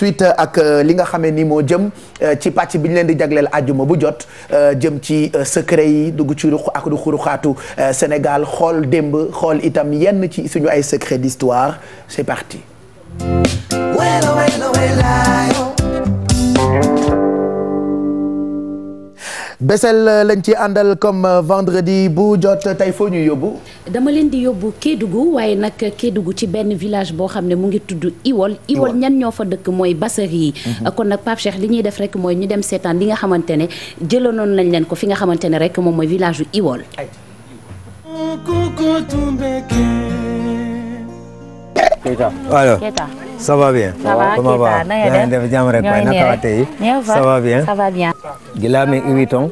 suite ak euh, li nga xamee ni moo jëm euh, ci pàcc bi leen di jagleel àjjuma bu jot euh, jëm ci secret yi dugg ci ruq ak du xuruxaatu Sénégal xool démb xool itam yenn ci suñu ay secret d'histoire c'est parti. Bessel euh, lañ ci àndal comme euh, vendredi bu jot euh, tey foo ñu yóbbu. dama leen di yóbbu Kédougou waaye nag Kédougou ci benn village boo xam ne mu ngi tudd Iwol. Iwol ñan ñoo fa dëkk mooy Basseur yi. Mhm. kon nag Pape li ñuy def rek mooy ñu dem seetaan li nga xamante ne jëlanoon nañ leen ko fi nga xamante ne rek moom mooy village yu Iwol. ça va bien. ça va ton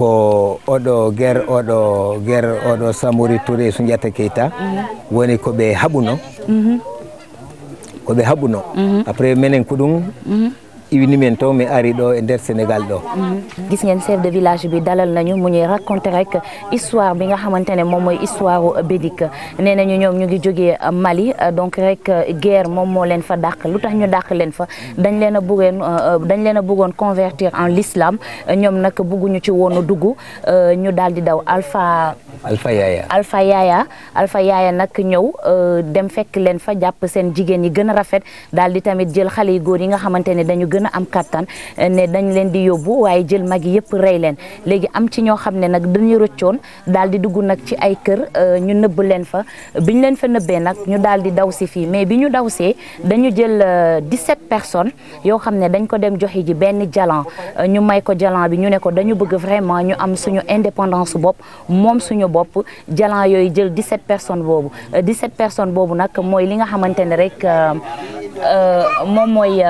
ko oɗo guer oɗo guer oɗo samori mhm. woni koɓe haɓuno mhm. haɓuno mhm. après minen ko iwni men to mi ari ɗo e nder sénégal ɗo gis ngeen chef de moo leen fa dàq lu tax ñu dàq leen fa dañ leen a bëggoon dañ leen a bëggoon convertir en l'islam ñoom nag bëgguñu ci woon a dugg ñu daal di daw Alpha Alpha Yaya Alpha Yaya Alpha Yaya nag ñëw dem fekk leen fa jàpp seen jigéen yi gën a rafet daal tamit jël xale yu góor yi nga xamante dañu gën gën a am kattan eh, ne dañ leen di yóbbu waaye jël mag yi yëpp rey leen léegi am ci ñoo xam ne nag dañuy rëccoon daal di dugg nag ci ay kër eh, ñu nëbb leen fa bi ñu leen fa nëbbee nag ñu daal di daw si fii mais bi ñu daw see dañu jël 17 eh, personnes yoo xam ne dañ ko dem joxe ji benn jalan ñu may ko jalan bi ñu ne ko dañu bëgg vraiment ñu am suñu indépendance bopp moom suñu bopp jalan yooyu jël 17 personnes boobu 17 personnes boobu nag mooy li nga xamante ne rek moom mooy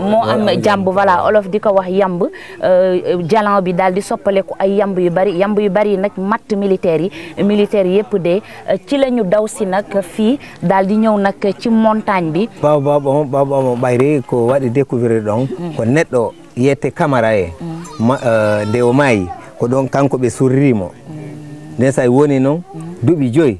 moo am jàmb voilà olof di ko wax yamb euh, jalan bi daal di soppaleku ay yamb yu bari yamb yu bari yi nag matt militaires yi militaires yëpp de euh, ci la ñu daw si nag fii daal di ñëw nag ci montagne bi bababaamo babaamo ko waɗi découvrir ɗon mm. ko neɗɗo yiyete camara e mm. euh, dewo maayi ko ɗon kanko ɓe surrimo mm. nden sa woni noon duuɓi joyi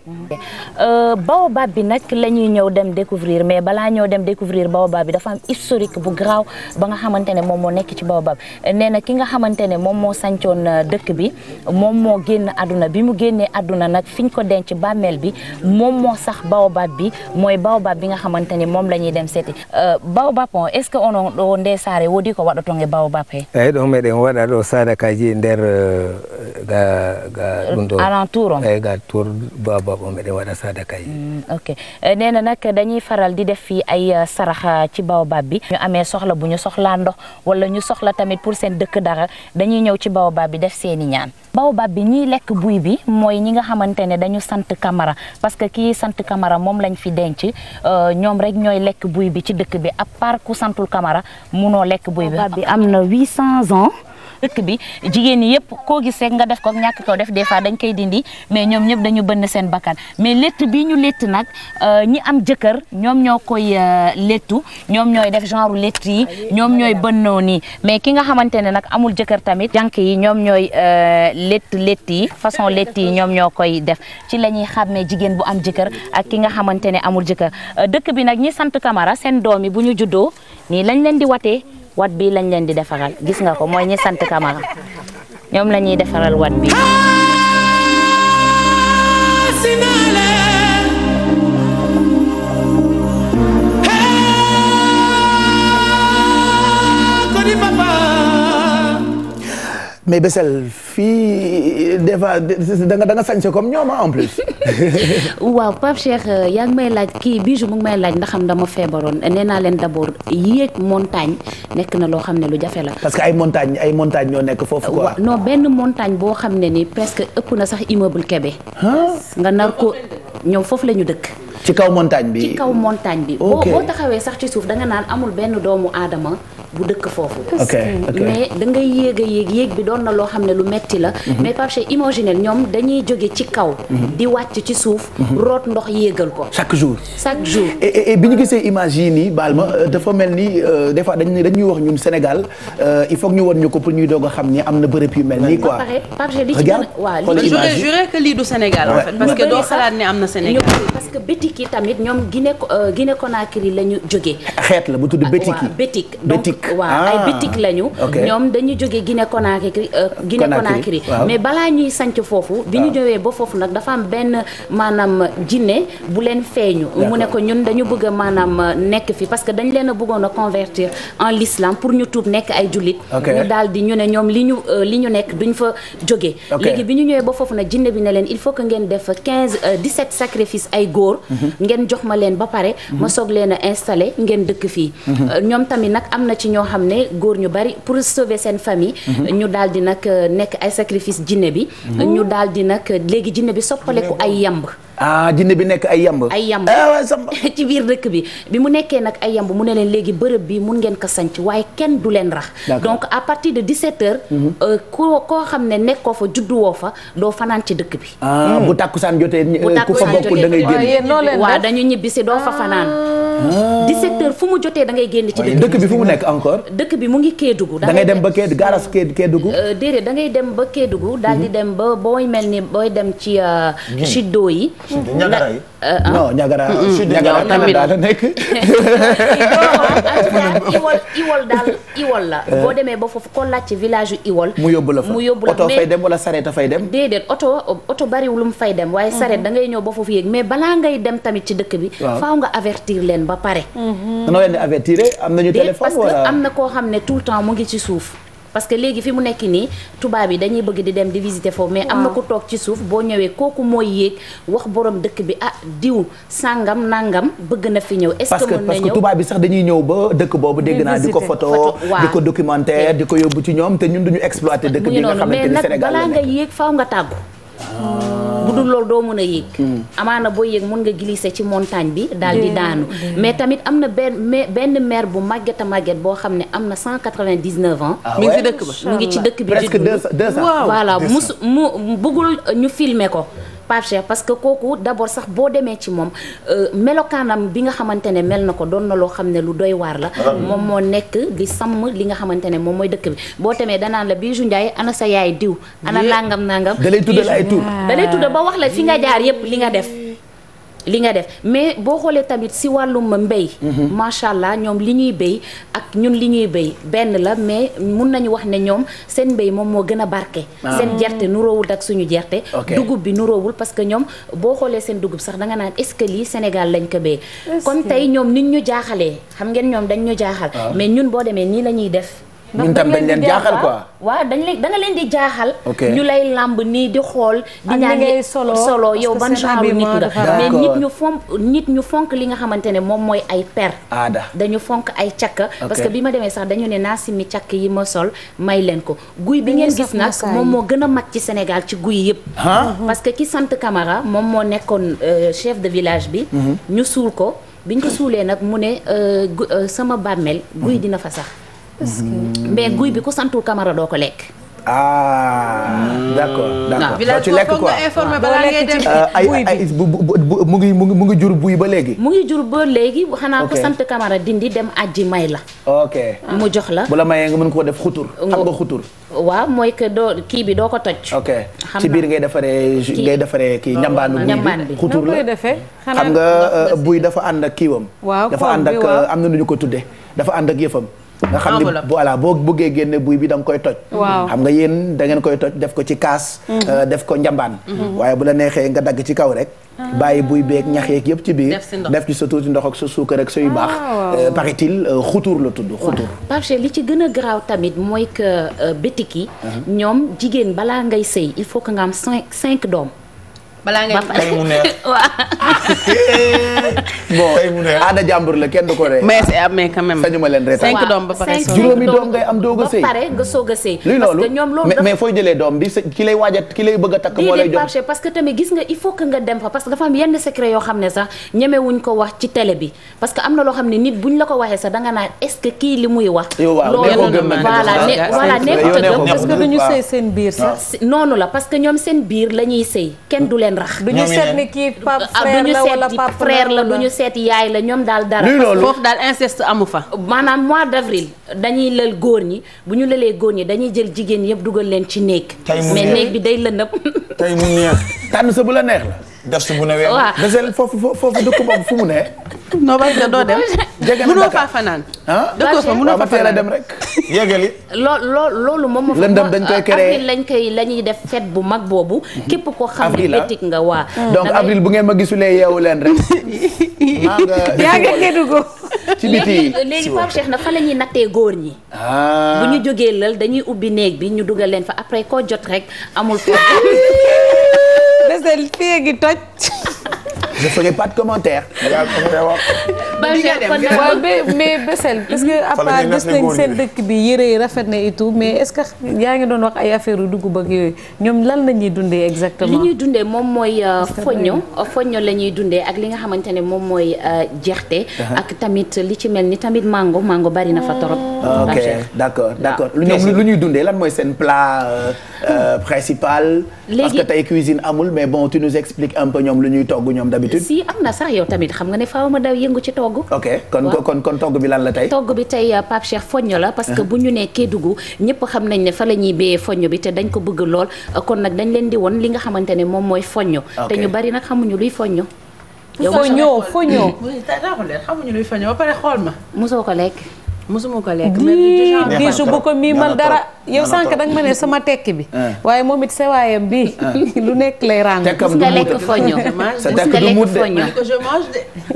Euh, baobab bi nag la ñuy ñëw dem découvrir mais balaa ñëw dem découvrir baobab bi dafa am historique bu garaaw ba nga xamante ne moom moo nekk ci baobab nee na ki nga xamante ne moom moo sancoon euh, dëkk bi moom moo génn àdduna bi mu génnee àdduna nag fiñ ko denc bàmmeel bi moom moo sax baobab bi mooy baobab bi nga xamante ne moom la ñuy dem seeti euh, baobab on est ce que onon ɗo de saare woodi ko waɗoto nge baobab he eyyi ɗon meɗen waɗa ɗo sadakaji nga de waɗa sadaka yi mm, ok eh, nee na nag dañuy faral di def fii ay eh, sarax eh, ci baobab bi ñu amee soxla bu ñu soxla ndox wala ñu soxla tamit pour seen dëkk dara dañuy ñëw ci baobab bi def seeni ñaan baobab bi ñiy lekk buy bi mooy ñi nga xamante ne dañu sant kamara parce que ki sant kamara moom lañ fi denc ñoom rek ñooy lekk buy bi ci dëkk bi à part santul kamara munoo lekk buy bi am na 800 ans dëkk bi jigéen ñi yëpp koo gis nga def ko ñàkk ko def des fois dañ koy dindi mais ñoom ñëpp dañu bënn seen bakkan mais létt bi ñu létt nag euh, ñi am jëkkër ñoom ñoo koy euh, léttu ñoom ñooy def genre létt yi ñoom ñooy bënnoo nii mais ki nga xamante ne nag amul jëkkër tamit jànk yi ñoom ñooy euh, létt létt yi façon létt yi ñoom ñoo koy def ci la ñuy xàmmee jigéen bu am jëkkër ak ki nga xamante ne amul jëkkër dëkk bi nag ñi sant Camara seen doom yi bu ñu juddoo nii lañ leen di watee wat bii lañ leen di defaral gis nga ko mooy ñi sant Kamara ñoom la ñuy defaral wat bii mais Bessel fii des fois da nga da nga sañse comme ñoom ah, en plus. waaw Pape Cheikh euh, yaa ngi may laaj kii bii mu ngi may laaj ndax xam dama feebaroon nee leen d' abord yéeg montagne nekk na loo xam ne lu jafe la. parce que ay montagne ay montagne ñoo nekk foofu quoi. non benn montagne boo xam ne ni presque ëpp na sax immeuble Kébé. nga nar ko ñoom foofu la ñu dëkk. ci kaw montagne bi ci kaw montagne bi. boo boo taxawee sax ci suuf da nga naan amul benn doomu aadama. bu dëkk foofu. mais da ngay yéeg a yéeg yéeg bi doon na loo xam ne lu metti la. Mhm. mais Pape Cheikh imaginel ñoom dañuy jóge ci kaw. Mhm. di wàcc ci suuf. Mhm. root ndox yéegal ko. chaque jour chaque jour. et bi ñu gisee image yi nii baal ma euh, dafa mel ni euh, des fois dañuy dañuy wax ñun Sénégal euh, il faut ñu won ñu ko pour ñuy doog a xam ni am na bërëb yu mel nii quoi. Pape Cheikh li ci gën a waaw li juré que lii du Sénégal en fait parce que doo xalaat ne am na Sénégal. que bétiki tamit ñoom Guinée euh, Guinée Conakry la ñu jógee. xeet la bu tudd ah, bétiki bétik donc waaw ah, ay bétik lañu. ñoom dañu jógee Guinée Conakry. Euh, Guinée Conakry mais balaa ñuy sanc foofu. bi ñu ah. ñëwee ba foofu nag dafa am benn maanaam jinne bu leen feeñu. mu ne ko ñun dañu bëgg a maanaam euh, nekk fi parce que dañ leen a bëggoon a convertir en l'islam pour ñu tuub nekk ay jullit. ñu daal di ñu ne ñoom li ñu li ñu nekk duñ fa jógee. léegi bi ñu ñëwee ba foofu nag jinne bi ne leen il faut que ngeen def 15 17 sacrifice góor mhm. ngeen jox ma leen ba pare mhm. ma soog leen a installé ngeen dëkk fii mhm. euh, ñoom tamit nag am na ci ñoo xam ne góor ñu bari pour sauver seen famille ñu daal di nag euh, nekk ay sacrifice jinne bi ñu daal di nag léegi jinné bi ku ay yamb ah jinne bi nekk ay yamb ay yamb ah, ci biir dëkk bi bi mu nekkee nag ay yamb mu ne leen léegi bërëb bi mun ngeen ko sanc waaye kenn du leen rax donc à partir de 17 heures mhm. euh, ko koo xam ne nekkoo fa judduwoo fa doo fanaan ci dëkk bi ah, hmm. bu tàkkusaan jotee ku fa bokkul da ngay génn waaw dañu ñibbisi doo fa fanaan ah. 17 ah. heures fu mu jotee da ngay génn ci dëkk bi fu mu nekk encore. dëkk bi mu ngi Kédougou. da ngay dem ba Kédougou garas euh, Kédougou. déedéet da ngay dem ba Kédougou daal di mhm. dem ba booy mel ni booy dem ci. chute euh, d'eau yi. ñagara yi euh, ah. non ñagara. chute ñagara Canada la nekk. iwol iwol daal iwol la. boo demee ba foofu koo laaj ci village yu iwol. mu yóbbu la fa oto fay dem wala sareet a fay dem. déedéet oto oto bariwul mu fay dem waaye sareet mhm. da ngay ñëw ba foofu yéeg mais balaa ngay dem tamit ci dëkk bi. faaw nga avertir leen ba pare. Mhm. noo leen di avertir am nañu téléphone wala parce que am na koo xam ne tout le temps mu ngi ci suuf. parce que léegi fi mu nekk nii tubaab yi dañuy bëgg di dem di visiter foofu. mais am na ko toog ci suuf boo ñëwee kooku mooy yéeg wax boroom dëkk bi ah diw sàngam nangam bëgg na fi ñëw. est ce que mën na ñëw sax dañuy ñëw ba dëkk boobu. dégg naa di ko photo di ko documentaire di ko yóbbu ci ñoom te ñun duñu exploiter dëkk bi nga xamante ni Sénégal la mais nag balaa nga yéeg bu dul loolu doo mën a yéeg hmm. amaana boo yéeg mën nga glisser ci montagne bi daal di daanu mais tamit am na benn benn maire bu màgget a màgget boo xam ne am na 199 ans ah mi ngi ci dëkk ba mi ngi ci dëkk bi presque 200 voilà mu mu bëggul ñu filmer ko Pape Cheikh parce que kooku d'abord sax boo demee ci moom euh, melokaanam bi nga xamante ne mel na ko doon na loo xam ne lu doy waar la ah moom moo nekk di sàmm li nga xamante ne moom mooy dëkk bi boo tamee danaan la bi Ndiaye ana sa yaay diw ana nangam nangam da lay tuddal ay tur da lay tuddal ba wax la fi nga jaar yépp li nga def li nga def mais boo xoolee tamit si wàllum mbéy. Mhm. macha allah ñoom li ñuy béy ak ñun li ñuy béy benn la mais mun nañu wax ne ñoom seen mbéy moom moo gën a barke. Ah. seen gerte nuróowul ak suñu gerte. dugub bi nuroowul parce que ñoom boo xoolee seen dugub sax danga naan est-ce que lii Sénégal lañ ko béy. kon tey ñoom nit ñu jaaxalee xam ngeen ñoom dañ ñu jaaxal. Ah. mais ñun boo demee nii la ñuy def. ñun tam dañ leen jaaxal quoi waaw dañ leen da leen di jaaxal ñu lay làmb nii di xool di ñaan solo solo yow ban genre nit nga ñu fonk nit ñu fonk li nga xamante ne moom mooy ay per aada dañu fonk ay cakk parce que bi ma demee sax dañu ne naa simmi cakk yi ma sol may leen ko guy bi ngeen gis nag moom moo gën a mag ci Sénégal ci guy yëpp parce que ki sant kamara moom moo nekkoon euh, chef de village bi mhm. ñu suul ko biñ ko suulee nag mu ne euh, euh, sama bàmmeel guy dina fa sax mais guy bi ku santul kamara doo ko lekk. ah d'accord ah. d'accord soo ci lekk ko ah, ay ay mu ngi mu mu ngi jur buy ba léegi. mu ngi jur ba léegi xanaa ko sant Camara dindi dem aji may la. ok mu jox la. bu la mayee nga mën koo def xutur. xam nga xutur. waaw mooy que doo kii bi doo ko toj. ok ci biir ngay defaree ngay defaree kii ñambaanu. ñambaan bi xutur la xam nga euh, buy dafa ànd ak kiiwam. waaw dafa ànd ak euh, am na nu ñu ko tuddee dafa ànd ak yëfam. nga xam ne voilà boo bëggee génne buy bi da nga koy toj xam nga yéen da ngeen koy toj def ko ci kaas mm-hmm. euh, def ko njambaan mm-hmm. waaye bu la neexee nga dagg ci kaw rek ah. bàyyi buy beeg ñax yeeg yëpp ci biir def ci sa tuuti ndox ak sa suukar ak suy baax euh, paraît-il euh, xutuur la tudd xutuur parce que li ci gën a garaaw tamit mooy que bitik yi uh-huh. ñoom jigéen balaa ngay sëy il faut que nga am cinq cinq doom balaa ngay tey mu neex waaw. aada jàmbur la kenn du ko rey. mais mais quand ma leen reetaan cinq doom ba pare. juróomi doom ngay am doog a sëy. ba pare nga soog a sëy. luy loolu mais fooy jëlee doom bi ki lay waaj a ki lay bëgg a takk moo lay jox. parce que tamit gis nga il faut que nga dem fa que dafa am yenn secret yoo xam ne sax ñemewuñ ko wax ci télé am na loo xam ne nit buñ la ko waxee sax danga naan est-ce que kii li muy wax. que duñu sëy seen biir sax. noonu la parce que ñoom seen biir la ñuy sëy kenn du leen leen du ñu seet ni kii pap ah, frère la wala du ñu seet yaay la ñoom daal dara. foofu daal inceste amu fa. maanaam mois d' avril dañuy lël góor ñi bu ñu lëlee góor ñi dañuy jël jigéen yëpp dugal leen ci néeg. mais néeg bi day lëndëm. tey mu neex tànn sa bu la neex la. def su bu ne weer. waaw desel foofu foofu dëkk boobu fu mu ne. noo bëri doo dem. jege faa fanaan. ah dëggoo fa mënoo fa fanaan dem rek. yëgali. loo loo loolu moom moo fa. lëndëm dañ koy créé lañ koy la ñuy def fête bu mag boobu. Mhm. képp ko xam ne bétik ah. nga waa. Mm. donc avril bu ngeen ma gisulee yeewu leen rek. maa nga gëdu ko. ci biti léegi Pape Cheikh na fa la nattee góor ñi. Ah. bu ñu jógee lël dañuy ubbi néeg bi ñu dugal leen fa après koo jot rek amul. desel fii gi toj. je ferai pas de commentaire. waaw mais Bessel parce que à part seen dëkk bi yére yi rafet na tout mais est-ce que yaa ngi doon wax ay affaire dugub ak ñoom lan la ñuy dundee exactement. li dundee moom mooy euh, foño euh, foño la ñuy dundee ak li nga xamante ne moom mooy euh, jeexte. Uh-huh. ak tamit li ci mel ni tamit mango mango bari na fa torop. Ah, ok d'accord d'accord ñoom lu ñuy dundee lan mooy seen plat principal. léegi parce que tey cuisine amul mais bon tu nous expliques un peu ñoom lu ñuy togg ñoom d'habitude sii am na sax yow tamit xam nga ne faaw ma daw yëngu ci togg ok kon kon kon togg bi lan la tey togg bi tey euh, Pape Cheikh foñño la parce que ah. bu ñu nee Kédougou ñëpp xam nañ ne fa la ñuy béyee foñño bi te dañ ko bëgg lool kon nag dañ leen di woon li nga xamante ne moom mooy foñño te ñu bari nag xamuñu luy foñño yow foñño foñño xamuñu luy foñño ba pare xool ma mosoo ko lekk mosuma ko lekk mais biisu bu ko miimal dara yow sànq danga ma ne sama tekk bi eh. waaye moom it sewaayam bi eh. lu nekk lay ràng mus nga lekk foño mus nga lekk foño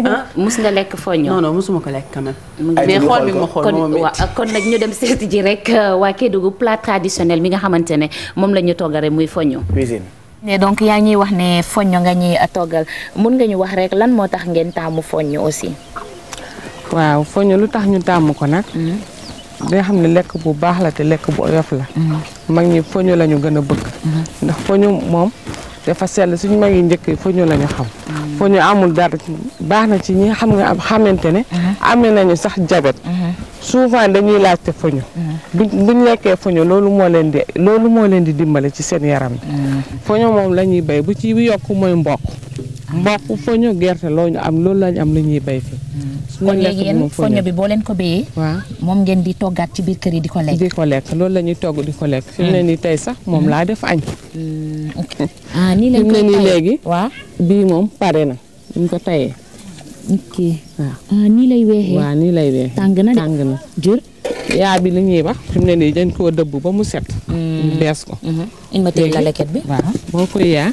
ah, mus nga lekk foño non non mosuma ko lekk quand même mais xool bi ma xool moom it kon nag ñu dem seeti ji rek euh, waa Kédougou plat traditionel mi nga xamante ne moom la ñu rek muy foño cuisine ne donc yaa ñuy wax ne foño nga ñuy toggal mun nga ñu wax rek lan moo tax ngeen taamu foño aussi waaw foño lu tax ñu tàmm ko nag mm. day xam ne lekk bu baax la te lekk bu oyof la mm. mag ñi foño lañu gën a bëgg mm-hmm. ndax foño moom dafa sell suñu mag yi njëkk foño la xam mm. foño amul dara baax na ci ñi xam nga am xamante ne mm-hmm. amee nañu sax jabet mm-hmm. souvent dañuy laajte foño bu buñ lekkee foño loolu moo leen di dimbale ci seen yaram bi moom la ñuy béy bu ci yokk mooy mboq mboq foño gerte loolu ñu am loolu lañu am lu ñuy béy fi kon léegi yéen foño bi boo leen ko béyee waaw moom ngeen di toggaat ci biir kër yi di ko lekk di ko lekk loolu la ñuy togg di ko lekk fi mu ne mm. nii tey sax moom laa def añ mm, ah nii leen nii léegi waaw bii moom pare na ñu ko tayee ok waaw lay ah, nii lay tàng na de tàng yaa bi li ñuy wax fi mu ne nii dañ koo dëbb ba mu set mm. bees ko in ma tëj la bi boo ko mm-hmm. yaa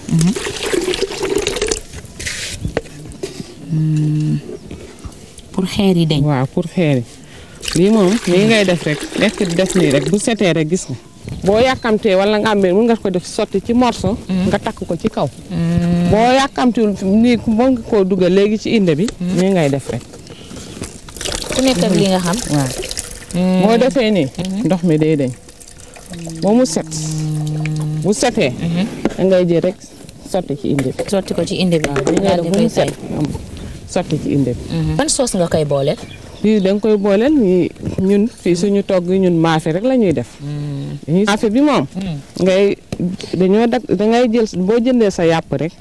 pour xeer yi deñ pour xeer lii moom lii ngay def rek lekk di def nii rek bu setee rek gis nga boo yàkkamtee wala nga am mu nga ko def sotti ci morso mm. nga takk ko ci kaw mm. boo yàkkamtiwul nii mën nga koo dugal léegi ci inde bi mm. nii ngay def rek ku nekk ak li nga xam waaw boo defee nii mm-hmm. ndox mi day deñ ba mu set bu setee mm-hmm. da ngay jël rek sotti ci inde bi sotti ko ci inde set sotti ci indi bi. Mhm. ban soos nga koy booleel. lii da nga koy booleel ñun fii suñu togg ñun maafe rek la ñuy def. Mhm. maafe bi moom. Mhm. ngay dañoo da ngay jël boo jëndee sa yàpp rek.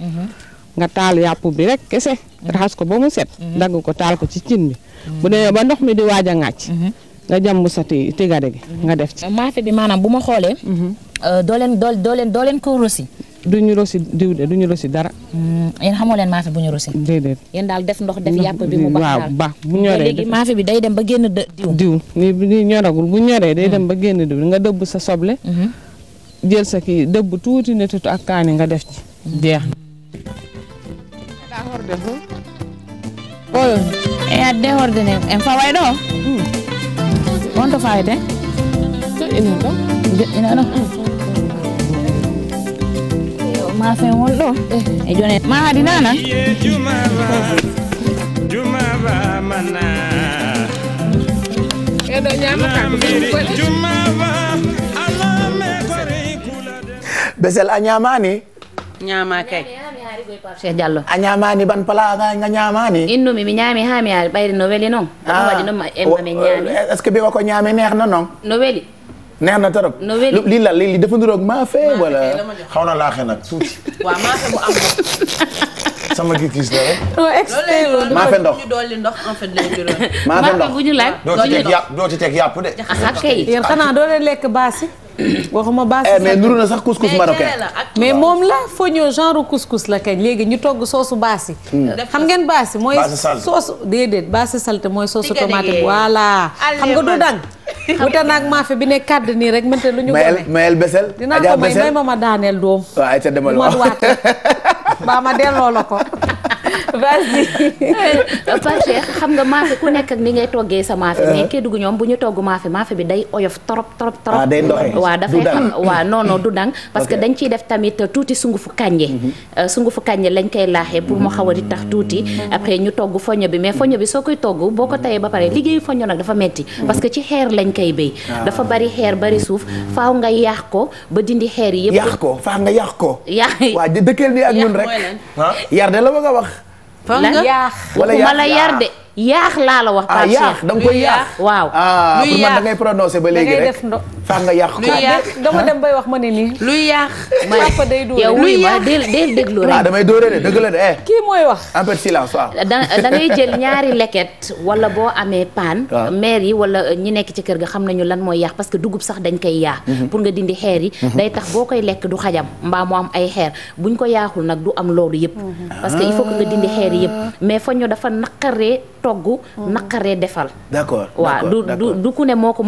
nga bi rek kese. raxas ko ba mu set. dagg ko taal ko ci cin bi. bu demee ba ndox mi di waaj a ŋàcc. nga jàmb sa bi maanaam bu ma xoolee. Euh, doo leen doo leen doo leen ko rosi duñu rosi diw de duñu rosi dara. Hmm, yéen xamoo leen maafe bu ñu rosi. daal def ndox def yàpp bi bu baax waaw baax bu ñoree léegi maafe bi day dem ba génn diw. diw ni ni ñoragul bu ñoree day dem hmm. ba génn diw nga dëbb sa soble. Hmm. jël sa ki dëbb tuuti ne tuuti ak kaani nga def ci. jeex e adde hordene en faway ɗo on to fayde maafe won ɗo e eh, jone ma haadi nana eɗo ñama besel a ñamani ñama kay cheikh diallo a ñamani ban pala nga ñamani innumi mi ñaami ha mi ari ɓayde no weeli noon ɗum ah, waɗi noon ma emma min ñaami est eh, ce que ɓewa ko ñaami neehna noon no weeli neex na trop. lii la lii dafa niroog maafe wala. xaw na laaxe nag tuuti. waaw maafe bu ndox. sama gis-gis la rek. maafe ndox maafe ndox doo ci teg yàpp doo ci teg yàpp de. yéen xanaa doo leen lekk baasi. waxuma baasi eh, sax mais nuru na sax couscous marocain. mais moom la foo ñëw genre couscous la kañ léegi ñu togg soosu baasi. Hmm. xam ngeen baasi mooy. baasi salte soosu déedéet baasi salte mooy soosu tomate. voilà xam nga du dang wute naag maafe bi ne kàdd nii rek mënte lu ñu. mayel mayel besel. dinaa ko may may ma ma daaneel doom. waaw ayca demal waaw ma waate baa ma delloo la ko. vas xam nga maafe ku nekk ak ni ngay toggee sa maafe. Eh. mais Kédougou ñoom bu ñu togg maafe maafe bi day oyof trop trop trop. waa ah, day ndoxe waaw dafay du dang parce que dañ ciy def tamit tuuti sungufu kànje. Mhm. Euh, sungufu kànje lañ koy laaxee pour mu xaw a di tax tuuti. après ñu togg foño bi mais foño bi soo koy togg boo ko tayee ba pare liggéeyu foño nag dafa metti mhm. parce que ci xeer lañ koy béy. Ah. dafa bari xeer bari suuf faaw nga yaax ko ba dindi xeer yëpp. yaax ko faaw nga yaax ko. yaax waa fan nga yaax wala yar de yaax laa la wax. ah yaax da nga koy yaax waaw. Ah, luy ngay prononcé ba léegi rek. tax nga yàq. luy yàq dama dem bay wax ma ne nii. luy yàq. ma papa day dóore luy déglu rek. ah damay dóore de dëgg la de eh. kii mooy wax. un peu de silence waaw. da da ngay jël ñaari leket wala boo amee paan. maire yi wala ñi nekk ci kër ga xam nañu lan mooy yàq parce que dugub sax dañ koy yàq. Mhm. pour nga dindi xeer yi. Mhm. day tax boo koy lekk du xajam mbaa mu am ay xeer buñ ko yaaxul nag du am loolu yëpp. Mhm. parce que il faut que nga dindi xeer yëpp ah. mais foño dafa naqaree togg. naqaree defal. du ku ne moo ko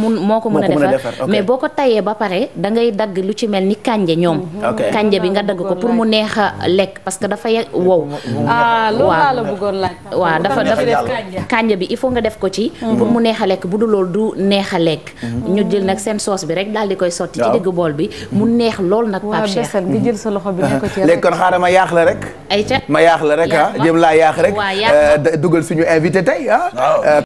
a defal mais boo ko tayee ba pare da ngay dagg lu ci mel ni kànje ñoom mm-hmm. kànje bi nga dagg ko pour mu neex a lekk parce que dafa ye wow ah, waaw dafa dafa kànja bi il faut nga def ko ci mm-hmm. pour mu neex a lekk bu du lool du neex a lekk mm-hmm. ñu jël nag seen soos bi rek daal di koy sotti ci digg bool bi mu neex lool nag Pape Cheikh jël sa loxo bi ne kon xaaral ma yaax la rek ay ca ma yaax la rek ah jëm laa yaax rek eh, dugal suñu invité tey ah.